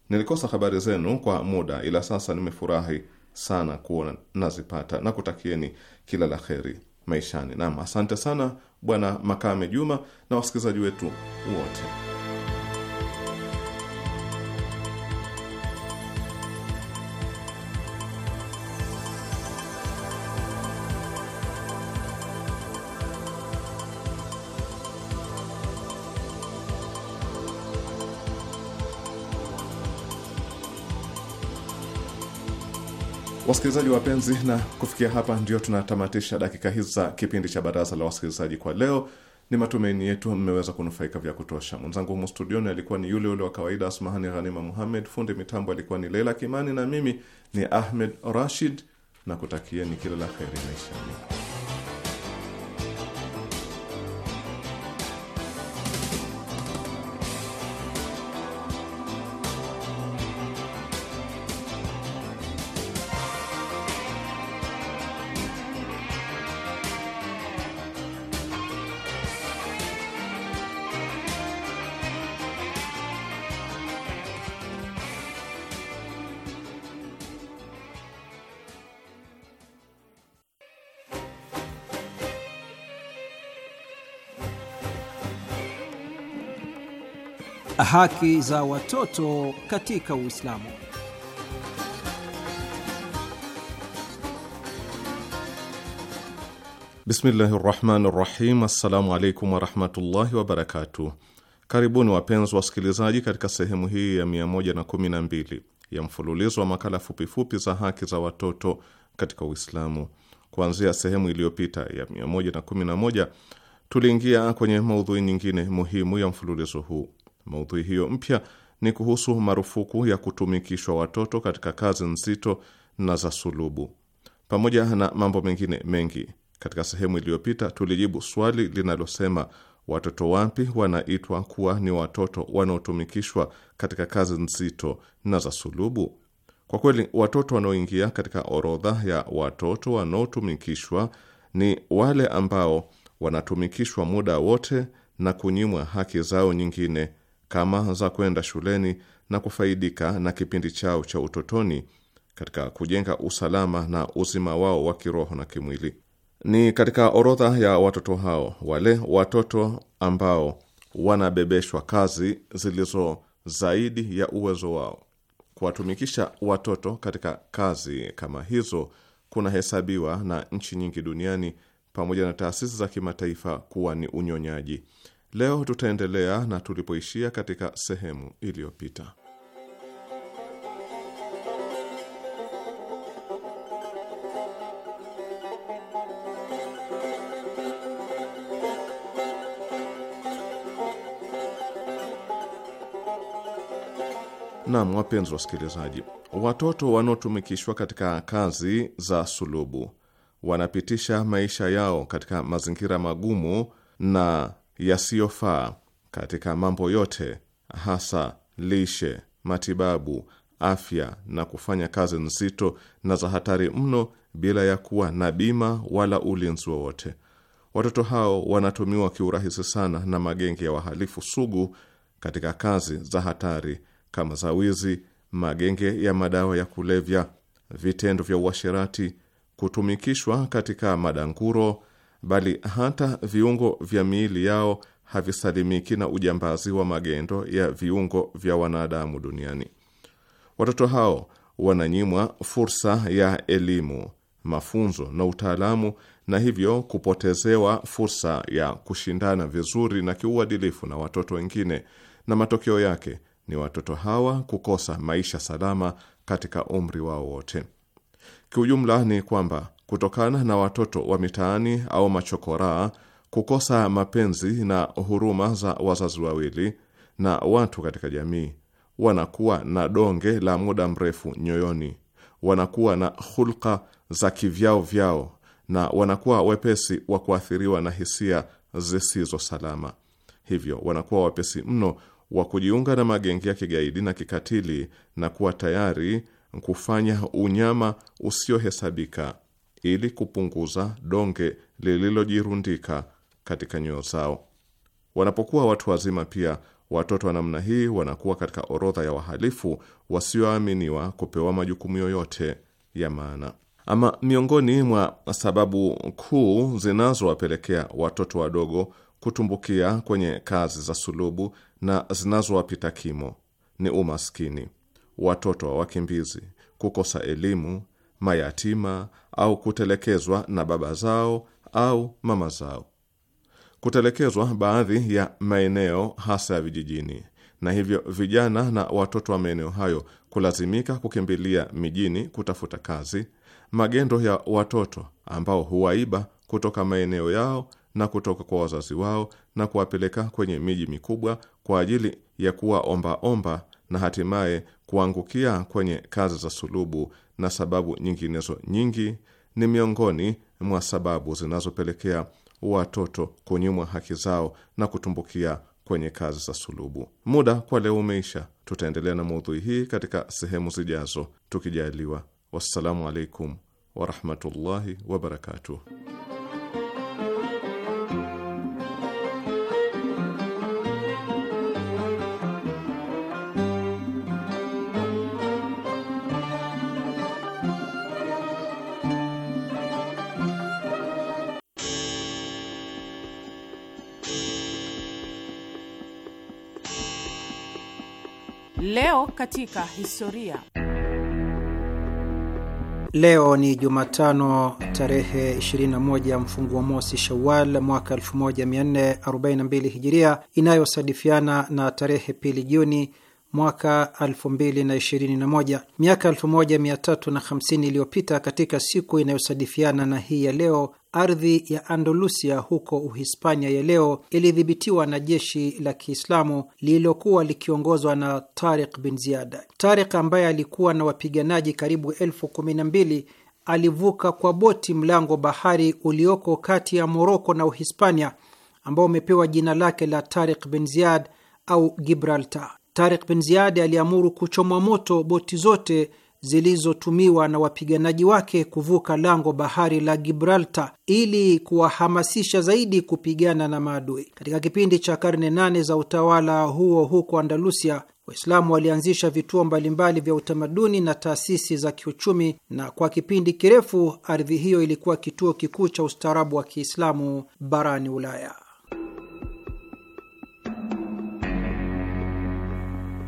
Nilikosa habari zenu kwa muda, ila sasa nimefurahi sana kuona nazipata na kutakieni kila la heri maishani. Nam, asante sana Bwana Makame Juma na wasikilizaji wetu wote. Wasikilizaji wapenzi, na kufikia hapa ndio tunatamatisha dakika hizi za kipindi cha baraza la wasikilizaji kwa leo. Ni matumaini yetu mmeweza kunufaika vya kutosha. Mwenzangu humu studioni alikuwa ni yule ule wa kawaida Asmahani Ghanima Muhammed, fundi mitambo alikuwa ni Leila Kimani na mimi ni Ahmed Rashid na kutakieni kila la heri maishani. Haki za watoto katika Uislamu. Bismillahi rahmani rahim. Assalamu alaikum warahmatullahi wabarakatuh. Karibuni wapenzi wasikilizaji, katika sehemu hii ya 112 ya mfululizo wa makala fupifupi za haki za watoto katika Uislamu. Kuanzia sehemu iliyopita ya 111 tuliingia kwenye maudhui nyingine muhimu ya mfululizo huu. Maudhui hiyo mpya ni kuhusu marufuku ya kutumikishwa watoto katika kazi nzito na za sulubu, pamoja na mambo mengine mengi. Katika sehemu iliyopita tulijibu swali linalosema watoto wapi wanaitwa kuwa ni watoto wanaotumikishwa katika kazi nzito na za sulubu? Kwa kweli watoto wanaoingia katika orodha ya watoto wanaotumikishwa ni wale ambao wanatumikishwa muda wote na kunyimwa haki zao nyingine kama za kwenda shuleni na kufaidika na kipindi chao cha utotoni katika kujenga usalama na uzima wao wa kiroho na kimwili. Ni katika orodha ya watoto hao wale watoto ambao wanabebeshwa kazi zilizo zaidi ya uwezo wao. Kuwatumikisha watoto katika kazi kama hizo kunahesabiwa na nchi nyingi duniani pamoja na taasisi za kimataifa kuwa ni unyonyaji. Leo tutaendelea na tulipoishia katika sehemu iliyopita. Nam, wapenzi wasikilizaji, watoto wanaotumikishwa katika kazi za sulubu wanapitisha maisha yao katika mazingira magumu na yasiyofaa katika mambo yote, hasa lishe, matibabu, afya na kufanya kazi nzito na za hatari mno bila ya kuwa na bima wala ulinzi wowote. Watoto hao wanatumiwa kiurahisi sana na magenge ya wahalifu sugu katika kazi za hatari kama za wizi, magenge ya madawa ya kulevya, vitendo vya uasherati, kutumikishwa katika madanguro bali hata viungo vya miili yao havisalimiki na ujambazi wa magendo ya viungo vya wanadamu duniani. Watoto hao wananyimwa fursa ya elimu, mafunzo na utaalamu, na hivyo kupotezewa fursa ya kushindana vizuri na kiuadilifu na watoto wengine, na matokeo yake ni watoto hawa kukosa maisha salama katika umri wao wote. Kiujumla ni kwamba kutokana na watoto wa mitaani au machokoraa kukosa mapenzi na huruma za wazazi wawili na watu katika jamii. Wanakuwa na donge la muda mrefu nyoyoni, wanakuwa na hulka za kivyao vyao, na wanakuwa wepesi wa kuathiriwa na hisia zisizo salama. Hivyo wanakuwa wepesi mno wa kujiunga na magenge ya kigaidi na kikatili na kuwa tayari kufanya unyama usiohesabika ili kupunguza donge lililojirundika katika nyoyo zao. Wanapokuwa watu wazima, pia watoto wa namna hii wanakuwa katika orodha ya wahalifu wasioaminiwa kupewa majukumu yoyote ya maana. Ama miongoni mwa sababu kuu zinazowapelekea watoto wadogo kutumbukia kwenye kazi za sulubu na zinazowapita kimo ni umaskini, watoto wa wakimbizi, kukosa elimu mayatima au kutelekezwa na baba zao au mama zao. Kutelekezwa baadhi ya maeneo hasa ya vijijini, na hivyo vijana na watoto wa maeneo hayo kulazimika kukimbilia mijini kutafuta kazi, magendo ya watoto ambao huwaiba kutoka maeneo yao na kutoka kwa wazazi wao na kuwapeleka kwenye miji mikubwa kwa ajili ya kuwa ombaomba omba na hatimaye kuangukia kwenye kazi za sulubu na sababu nyinginezo nyingi ni miongoni mwa sababu zinazopelekea watoto kunyimwa haki zao na kutumbukia kwenye kazi za sulubu. Muda kwa leo umeisha. Tutaendelea na maudhui hii katika sehemu zijazo tukijaliwa. Wassalamu alaikum warahmatullahi wabarakatuh. katika historia. Leo ni Jumatano tarehe 21 mfunguo mosi Shawal mwaka 1442 Hijiria, inayosadifiana na tarehe pili Juni mwaka 2021. Miaka 1350 iliyopita, katika siku inayosadifiana na hii ya leo, ardhi ya Andalusia huko Uhispania ya leo ilidhibitiwa na jeshi la Kiislamu lililokuwa likiongozwa na Tariq bin Ziyad. Tariq ambaye alikuwa na wapiganaji karibu elfu kumi na mbili alivuka kwa boti mlango bahari ulioko kati ya Moroko na Uhispania ambao umepewa jina lake la Tariq bin Ziyad au Gibraltar. Tariq bin Ziyad aliamuru kuchomwa moto boti zote zilizotumiwa na wapiganaji wake kuvuka lango bahari la Gibraltar ili kuwahamasisha zaidi kupigana na maadui. Katika kipindi cha karne nane za utawala huo huko Andalusia, Waislamu walianzisha vituo mbalimbali vya utamaduni na taasisi za kiuchumi, na kwa kipindi kirefu ardhi hiyo ilikuwa kituo kikuu cha ustaarabu wa Kiislamu barani Ulaya.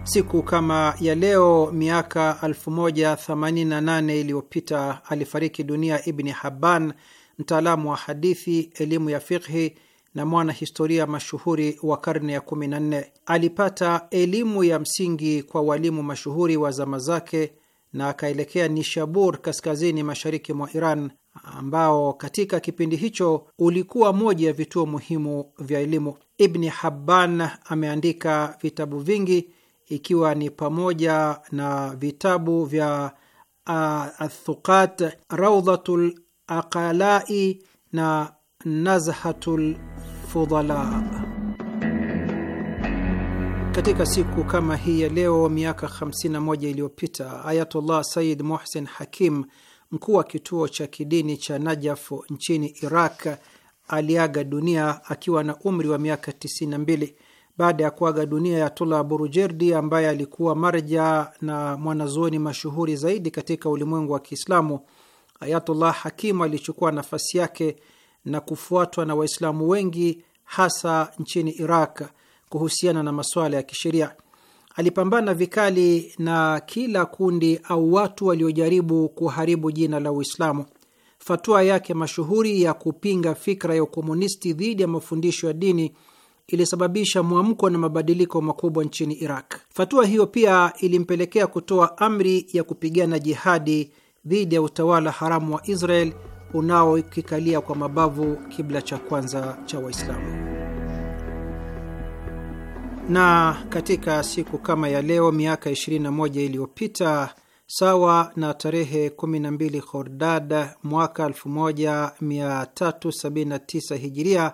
Siku kama ya leo miaka 1088 iliyopita alifariki dunia Ibni Habban, mtaalamu wa hadithi, elimu ya fikhi na mwana historia mashuhuri wa karne ya 14. Alipata elimu ya msingi kwa walimu mashuhuri wa zama zake na akaelekea Nishabur, kaskazini mashariki mwa Iran, ambao katika kipindi hicho ulikuwa moja ya vituo muhimu vya elimu. Ibni Habban ameandika vitabu vingi ikiwa ni pamoja na vitabu vya Athuqat, Raudhatul Aqalai na Nazhatul Fudala. Katika siku kama hii ya leo miaka 51 iliyopita Ayatullah Sayyid Muhsin Hakim, mkuu wa kituo cha kidini cha Najaf nchini Iraq, aliaga dunia akiwa na umri wa miaka 92 baada ya kuaga dunia ya Tula Burujerdi ambaye alikuwa marja na mwanazuoni mashuhuri zaidi katika ulimwengu wa Kiislamu, Ayatullah Hakimu alichukua nafasi yake na kufuatwa na Waislamu wengi hasa nchini Iraq kuhusiana na masuala ya kisheria. Alipambana vikali na kila kundi au watu waliojaribu kuharibu jina la Uislamu. Fatua yake mashuhuri ya kupinga fikra ya ukomunisti dhidi ya mafundisho ya dini ilisababisha mwamko na mabadiliko makubwa nchini Iraq. fatua hiyo pia ilimpelekea kutoa amri ya kupigana jihadi dhidi ya utawala haramu wa Israel unaokikalia kwa mabavu kibla cha kwanza cha Waislamu. Na katika siku kama ya leo miaka 21 iliyopita sawa na tarehe 12 Khordad mwaka 1379 Hijiria,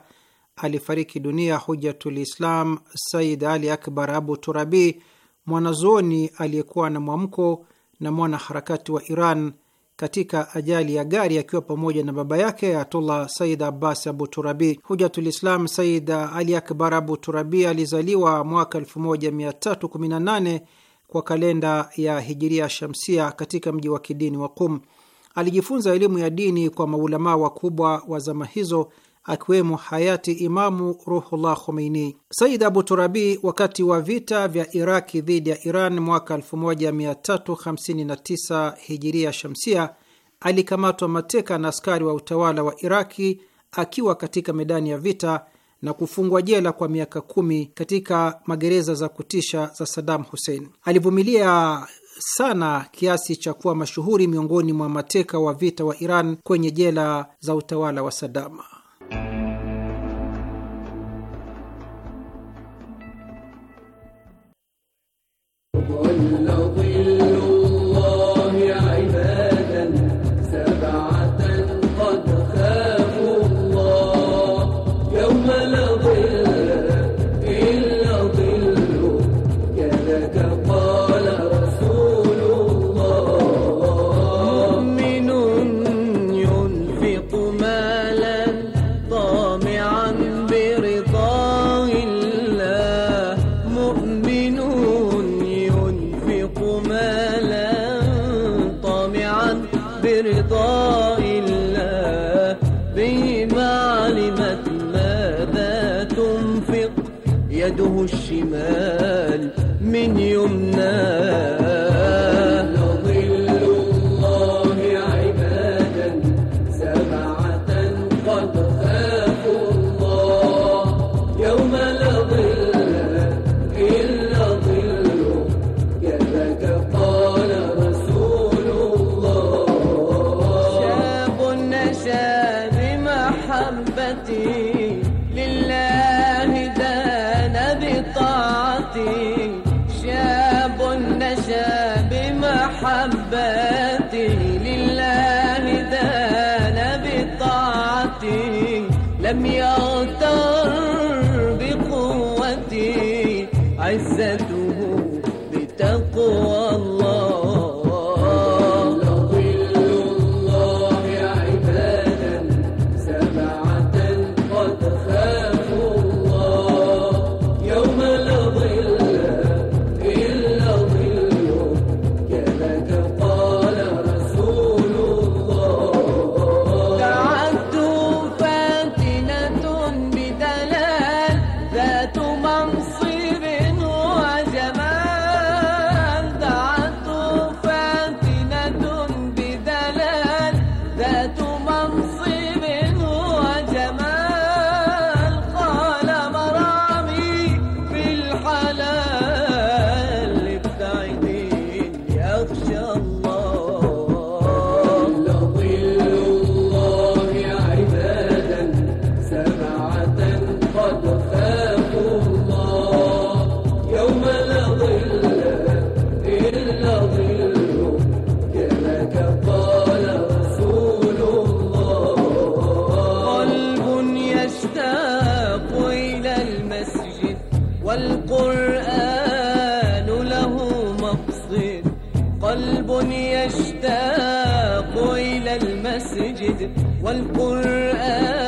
alifariki dunia Hujatul Islam Said Ali Akbar Abu Turabi, mwanazuoni aliyekuwa na mwamko na mwanaharakati wa Iran katika ajali ya gari akiwa pamoja na baba yake Ayatullah Said Abbas Abu Turabi. Hujatulislam Said Ali Akbar Abu Turabi alizaliwa mwaka 1318 kwa kalenda ya Hijiria Shamsia katika mji wa kidini wa Qum. Alijifunza elimu ya dini kwa maulamaa wakubwa wa zama hizo akiwemo hayati Imamu Ruhullah Khomeini. Said Abu Turabi, wakati wa vita vya Iraki dhidi ya Iran mwaka 1359 hijiria shamsia, alikamatwa mateka na askari wa utawala wa Iraki akiwa katika medani ya vita na kufungwa jela kwa miaka kumi katika magereza za kutisha za Saddam Hussein. Alivumilia sana kiasi cha kuwa mashuhuri miongoni mwa mateka wa vita wa Iran kwenye jela za utawala wa Saddam. Allah. والشمال من يمنا والقرآن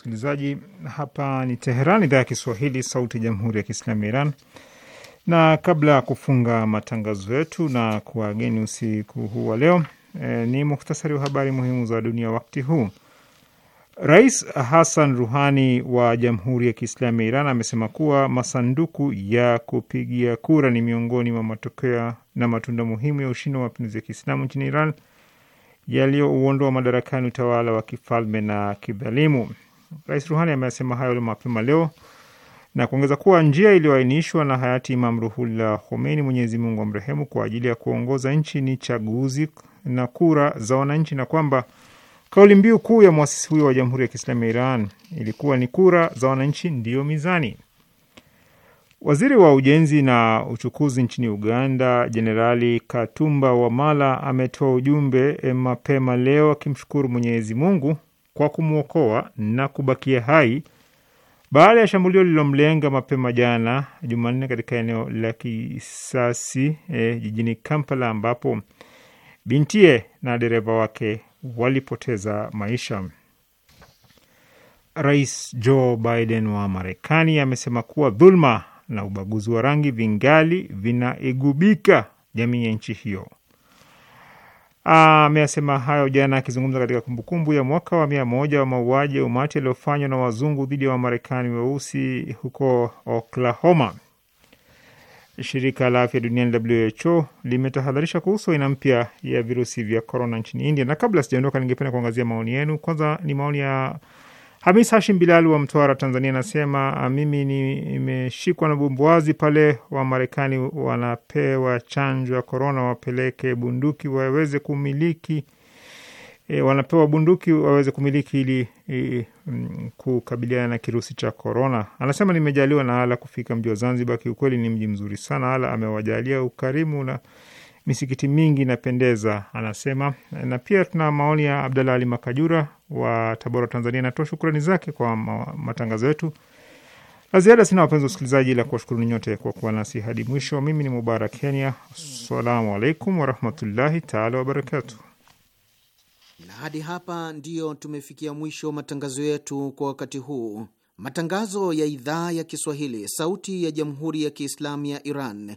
msikilizaji, hapa ni Teheran, idhaa ya Kiswahili, sauti ya jamhuri ya kiislamu ya Iran. Na kabla ya kufunga matangazo yetu na kuwageni usiku huu wa leo, e, ni muhtasari wa habari muhimu za dunia wakti huu. Rais Hassan Ruhani wa Jamhuri ya Kiislamu ya Iran amesema kuwa masanduku ya kupigia kura ni miongoni mwa matokeo na matunda muhimu ya ushindi wa mapinduzi ya Kiislamu nchini Iran yaliyouondoa madarakani utawala wa kifalme na kidhalimu. Rais Ruhani amesema hayo mapema leo na kuongeza kuwa njia iliyoainishwa na hayati Imam Ruhullah Khomeini, Mwenyezi Mungu amrehemu, kwa ajili ya kuongoza nchi ni chaguzi na kura za wananchi, na kwamba kauli mbiu kuu ya mwasisi huyo wa Jamhuri ya Kiislamu ya Iran ilikuwa ni kura za wananchi ndiyo mizani. Waziri wa ujenzi na uchukuzi nchini Uganda, Jenerali Katumba Wamala ametoa ujumbe mapema leo akimshukuru Mwenyezi Mungu kwa kumwokoa na kubakia hai baada ya shambulio lililomlenga mapema jana Jumanne katika eneo la Kisasi e, jijini Kampala ambapo bintie na dereva wake walipoteza maisha. Rais Joe Biden wa Marekani amesema kuwa dhulma na ubaguzi wa rangi vingali vinaigubika jamii ya nchi hiyo. Ah, ameyasema hayo jana akizungumza katika kumbukumbu ya mwaka wa mia moja wa mauaji ya umati yaliyofanywa na wazungu dhidi ya Wamarekani weusi huko Oklahoma. Shirika la afya duniani WHO limetahadharisha kuhusu aina mpya ya virusi vya korona nchini India. Na kabla sijaondoka, ningependa kuangazia maoni yenu. Kwanza ni maoni ya Hamis Hashim Bilal wa Mtwara, Tanzania, anasema ah, mimi nimeshikwa na bumbuazi pale wa marekani wanapewa chanjo ya korona, wapeleke bunduki waweze kumiliki e, wanapewa bunduki waweze kumiliki ili e, mm, kukabiliana na kirusi cha korona. Anasema nimejaliwa na Ala kufika mji wa Zanzibar, kiukweli ni mji mzuri sana. Ala amewajalia ukarimu na misikiti mingi inapendeza, anasema. Na pia tuna maoni ya Abdalah Ali Makajura wa Tabora, Tanzania. Natoa shukrani zake kwa matangazo yetu. La ziada sina, wapenzi wasikilizaji, la kuwashukuru nyote kwa kuwa nasi hadi mwisho. Mimi ni Mubarak Kenya, assalamu alaikum warahmatullahi taala wabarakatu. Na hadi hapa ndiyo tumefikia mwisho matangazo yetu kwa wakati huu. Matangazo ya idhaa ya Kiswahili, sauti ya jamhuri ya kiislamu ya Iran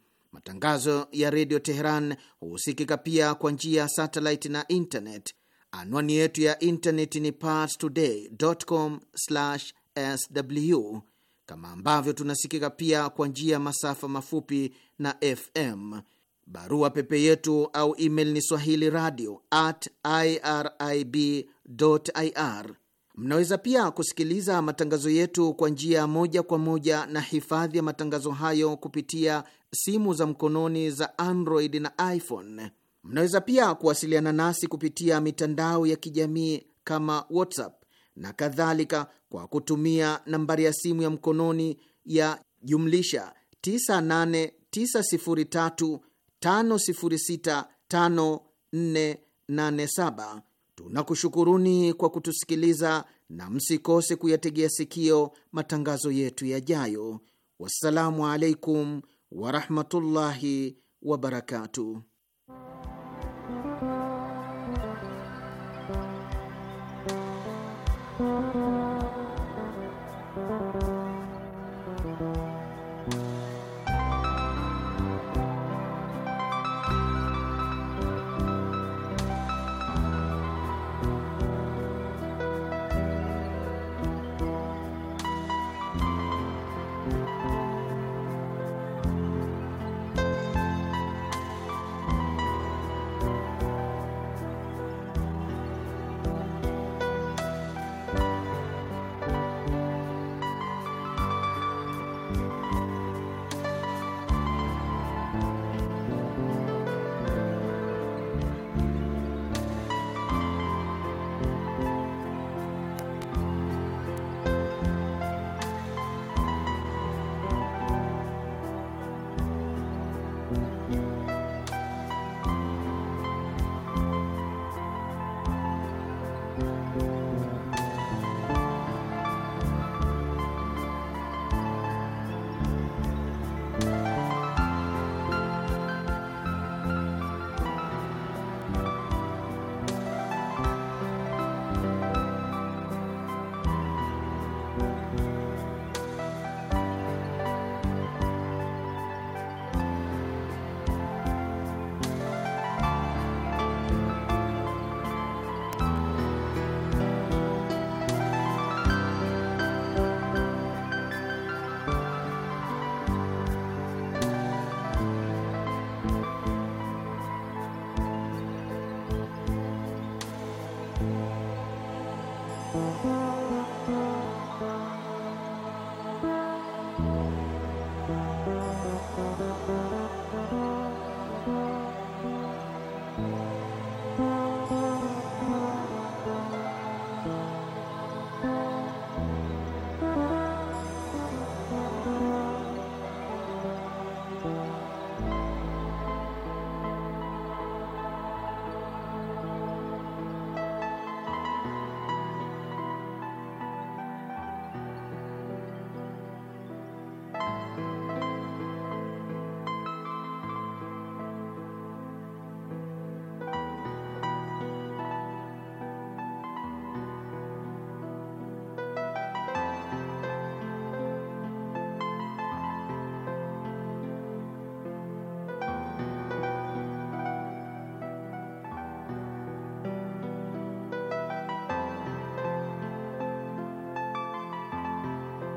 Matangazo ya redio Teheran husikika pia kwa njia ya satellite na internet. Anwani yetu ya internet ni parstoday.com/sw, kama ambavyo tunasikika pia kwa njia ya masafa mafupi na FM. Barua pepe yetu au email ni swahili radio at irib ir. Mnaweza pia kusikiliza matangazo yetu kwa njia moja kwa moja na hifadhi ya matangazo hayo kupitia simu za mkononi za Android na iPhone. Mnaweza pia kuwasiliana nasi kupitia mitandao ya kijamii kama WhatsApp na kadhalika kwa kutumia nambari ya simu ya mkononi ya jumlisha 989035065487. Tunakushukuruni kwa kutusikiliza na msikose kuyategea sikio matangazo yetu yajayo. Wassalamu alaikum warahmatullahi wabarakatuh.